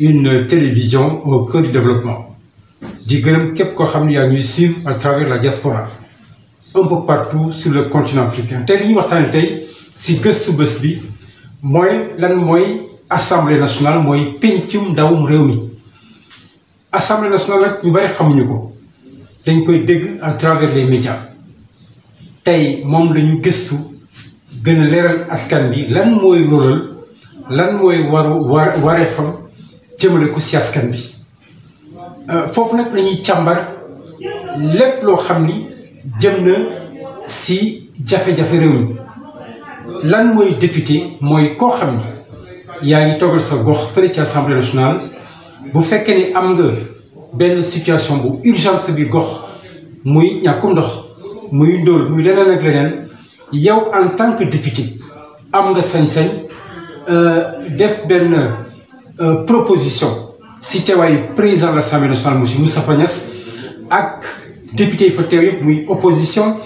une télévision au cœur du développement di gërëm képp koo xam ne yaa ñuy suivre à travers la diaspora un partout sur le continent africain tey li ñu waxtaane tey si gëstu bés bi mooy lan mooy assemblée nationale mooy pencum ndawum réew mi assemblée nationale nag ñu bari xamuñu ko dañ koy dégg à travers les médias tey moom lañu gëstu gën leeral askan bi lan mooy róolal lan mooy waru war wareefam jëmale ko si askan bi euh, foofu nag lañuy càmbar lépp loo xam ni jëm na si jafe-jafe réew mi lan mooy député mooy koo xam ni yaa ngi toggal sa gox fële ci assemblée nationale bu fekkee ni am nga benn situation bu urgence bi gox muy ñàkkum ndox muy ndóol muy leneen ak leneen yow en tant que député am nga sañ-sañ euh, def benn Euh, proposition si teewaayu président de l'Assemblée nationale monsieur Moustapha Niasse ak député yi fa teew yëpp muy opposition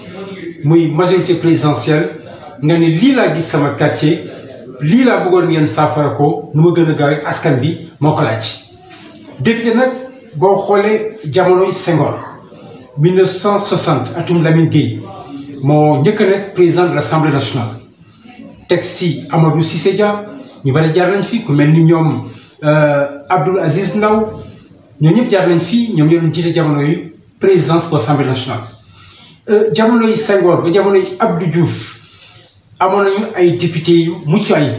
muy majorité présidentielle nga ne lii laa gis sama quartier lii laa bëggoon ngeen saafara ko nu ma gën a gaawee askan bi moo ko laaj. député nag boo xoolee jamonoy Senghor 1960 atum Lamine Gueye moo njëkk a nekk président de l'Assemblée nationale teg si Amadou Cissé Dia ñu bari jaar nañ fi ku mel ni ñoom. Euh, Abdoul Aziz Ndaw ñoo ñëpp jaar nañ fii ñoom ñoo doon jamono yu présidence bu assemblée nationale euh, jamono yi Senghor ba jamono yi Abdou Diouf amoon nañu ay député yu mucc ay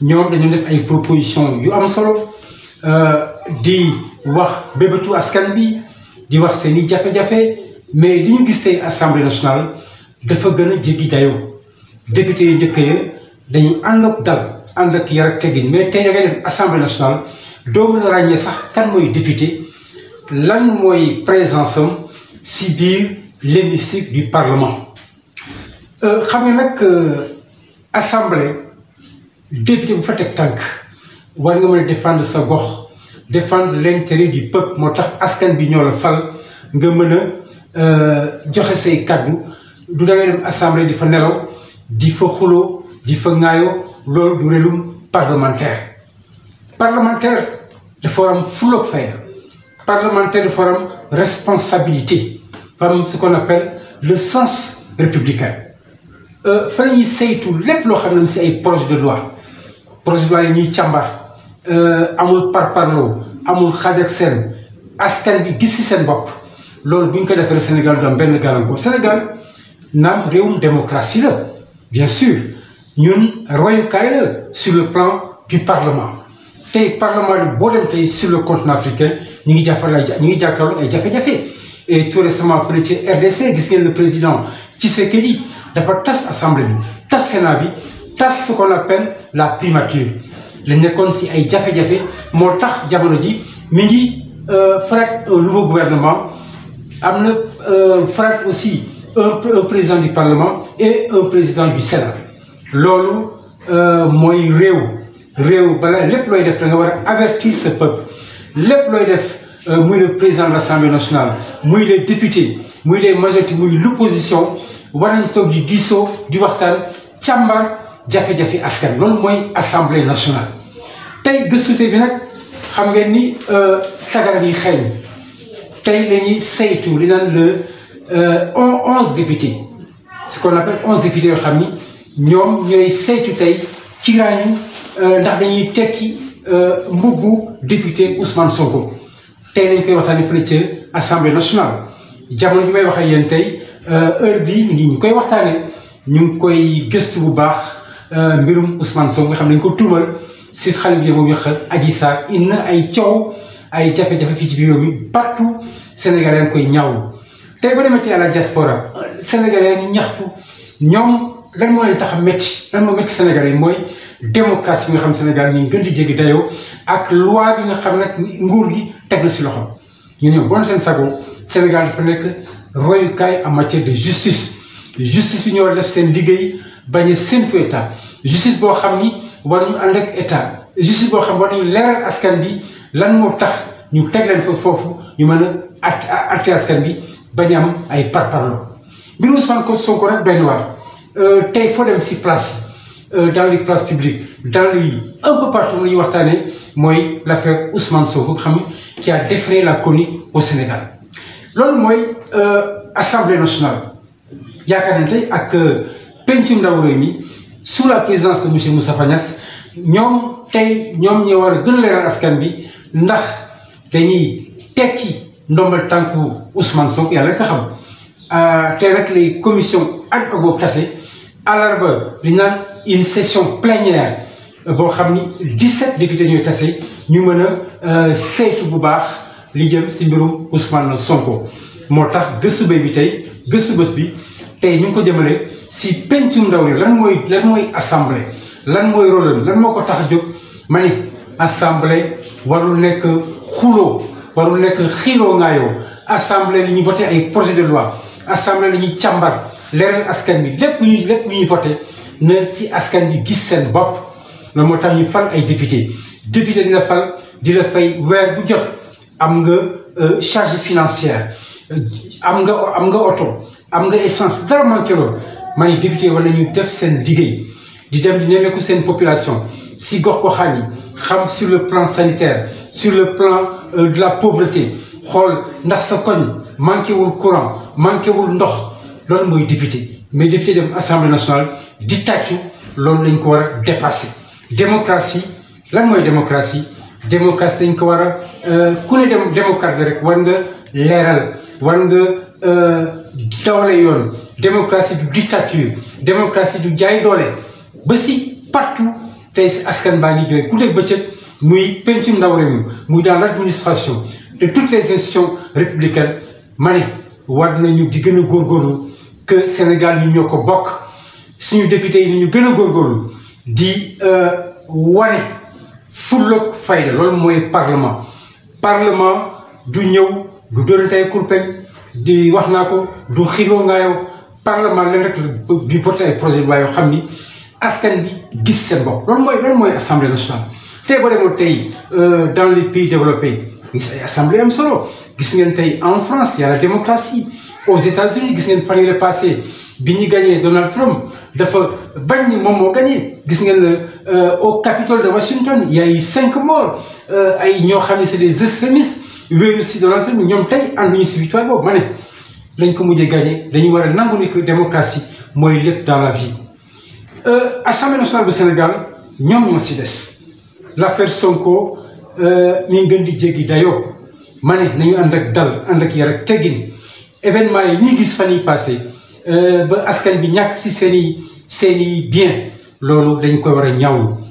ñoom dañu def ay proposition yu am solo euh, di wax bébétu askan bi di wax seen i jafe-jafe mais li ñu gis tey assemblée nationale dafa gën a jéggi dayoo député yu njëkk yi dañu ànd ak dal ànd ak yar ak teggin mais te da ngay dem assemblée nationale doo mën a ràññee sax kan mooy député lan mooy présence am si biir l'hémicycle du parlement. Euh, xam nga nag euh, assemblée député bu fa teg tànk war nga mën a défendre sa gox défendre l'intérêt du peuple moo tax askan bi ñoo la fal nga mën a euh, joxe say kaddu du da ngay assemblée di fa nelaw di fa xuloo di fa ŋaayoo. loolu du réelum parlementaire parlementaire dafa war am fulla ak fayda parlementaire dafa war am responsabilité dafa am ce qu'on appelle le sens républicain euh, fa la ñuy lépp loo xam ne si ay projet de loi projet de loi yi ñuy càmbar euh, amul parparloo amul xaaj seen askan bi gis si seen bopp loolu bu ñu ko defee Sénégal du am benn gàllankoor Sénégal naam réewum démocratie la bien sûr ñun royukaay la sur le plan du parlement tey parlement bi boo dem tey sur le continent africain ñu ngi jàppale ay ñu ngi jàkkaarloo ay jafe-jafe et tout récemment fële ci RDC gis ngeen le président Tshisekedi dafa tas assemblée bi tas sénat bi tas ce qu'on appelle la primature la nekkoon si ay jafe-jafe moo tax jamono ji mi ngi euh, farat un nouveau gouvernement am na euh, farat aussi un président du parlement et un président du sénat loolu euh, mooy réew réew bala lépp looy def da war a avertir ce peuple lépp looy def euh, muy le président de l'Assemblée nationale muy le députés muy les majorités muy l'opposition war nañ toog di diisoo di waxtaan càmbar jafe-jafe askan loolu mooy assemblée nationale tey gëstute bi nag xam ngeen ni euh, sagara yi xeeñ tey la ñuy saytu li naan le onze députés ce qu'on appelle onze députés yoo xam ni ñoom ñooy saytu tey ci raañu euh, ndax dañuy tekki euh, mbubbu député usman Sonko tey nañ koy waxtaanee fële ca assemblée nationale jamono ñu may wax ak yéen tey euh, heure bii ñu ngi koy waxtaanee ñu ngi koy gëstu bu baax mbirum Ousmane Sonko nga xam ne dañu ko tuumal si xale bi moom yëq Adji Sarr indi na ay coow ay jafe-jafe fii ci biir réew mi partout sénégalais ngi koy ñaw tey ba demee ci à la diaspora sénégalais ñi ñaxtu ñoom. lan moo leen tax a métti lan moo métti Sénégal yi mooy démocratie bi nga xam Sénégal ñu ngi gën di jéggi dayoo ak loi bi nga xam nag nguur yi teg na si loxo ñu ne bon seen sago Sénégal dafa nekk royukaay am matière de justice justice bi ñoo def seen liggéey bañ a séntu état justice boo xam ni war ñu ànd ak état justice boo xam war ñu leeral askan bi lan moo tax ñu teg leen foofu ñu mën a atte askan bi bañ am ay parparlo mbiru Ousmane Sonko rek doy na waar Euh, tey foo dem si place euh, dans les places publiques dans les un peu lu ñuy waxtaanee mooy l' affaire Ousmane Sonko xam qui a défrayé la chronique au Sénégal loolu mooy euh, assemblée nationale yaakaar nañ tey ak pencum ndaw réew mi su la présidence de monsieur Moustapha Niasse ñoom tey ñoom ñoo war a gën a askan bi ndax dañuy tekki ndombal tànku Ousmane Sonko yàlla ka xam tey rek les commissions ak boobu tase. alarba li naan une session plénière euh, boo xam ni 17 députés ñooy tase ñu mën a euh, saytu bu baax li jëm si mbirum Ousmane Sonko moo tax gëstu béy bi tey gëstu bës bi tey ñu ngi ko jëmale si pencum ndaw réew lan mooy lan mooy assemblée lan mooy rôle lan moo ko tax jóg ma ni assemblée warul nekk xuloo warul nekk xiiroo ngaayoo assemblée li ñuy voté ay projet de loi assemblée li ñuy càmbar leeral askan bi lépp ñu lépp ñuy voté na si askan bi gis seen bopp na moo tax ñu fal ay député député dina fal di fay weer bu jot am nga euh, charge financière euh, am nga am nga oto am nga essence dara manqué loolu ma ne député war nañu def seen liggéey di dem di nemmeeku seen population si gox ko xaan yi xam sur le plan sanitaire sur le plan euh, de la pauvreté xool ndax sa koñ manqué wul courant manqué wul ndox loolu mooy député mais député dem assemblée nationale di tàccu loolu lañ ko war a dépassé démocratie lan mooy démocratie démocratie dañ ko war a euh, ku ne dem démocrate la rek war nga leeral war nga euh, dawale yoon démocratie du dictature démocratie du jaay doole ba si partout tey si askan baa ngi jooy ku dégg bëccëg muy pencu ndaw réew mi muy dans l' administration de toutes les institutions républicaines ma ne war nañu di gën a góorgóorlu que Sénégal ñu ñoo ko bokk suñu député yi ni ñu gën a góorgóorlu di euh, wane fay fayda loolu mooy parlement parlement du ñëw du dóorantey kurpeñ di wax naa ko du xiroo ngaayoo parlement leen rek di voté projet de yoo xam ni askan bi gis seen bopp loolu mooy loolu mooy assemblée nationale tey boo demoo tey euh, dans les pays développés gis ay assemblée am solo gis ngeen tey en France y la démocratie aussi États-Unis gis ngeen fan yii passé bi ñu gagné Donald Trump dafa bañ ni moom moo gagné gis ngeen euh, au Capitole de Washington y a eu cinq morts euh, ay ñoo xam ne si des extrémistes wéeru si Donald Trump ñoom tey ànduñu si victoire boobu ma ne lañ ko mujjee gagné dañu war a nangu ni que démocratie mooy lépp dans la vie. Euh, Assemblée nationale bu Sénégal ñoom ñoo si des l'affaire Sonko mi ngi gën di jéggi dayoo ma ne nañu ànd ak dal ànd ak yar teggin. événement yi ñu gis fan yi passé euh, ba askan bi ñàkk si seen i seen i bien loolu dañ ko war a ñaawlu